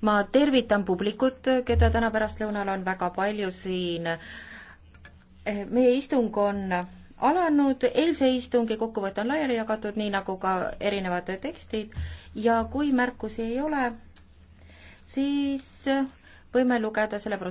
ma tervitan publikut, keda täna pärastlõunal on väga palju siin. Eh, meie istung on alanud, eilse istungi kokkuvõte on laiali jagatud, nii nagu ka erinevad tekstid ja kui märkusi ei ole, siis võime lugeda selle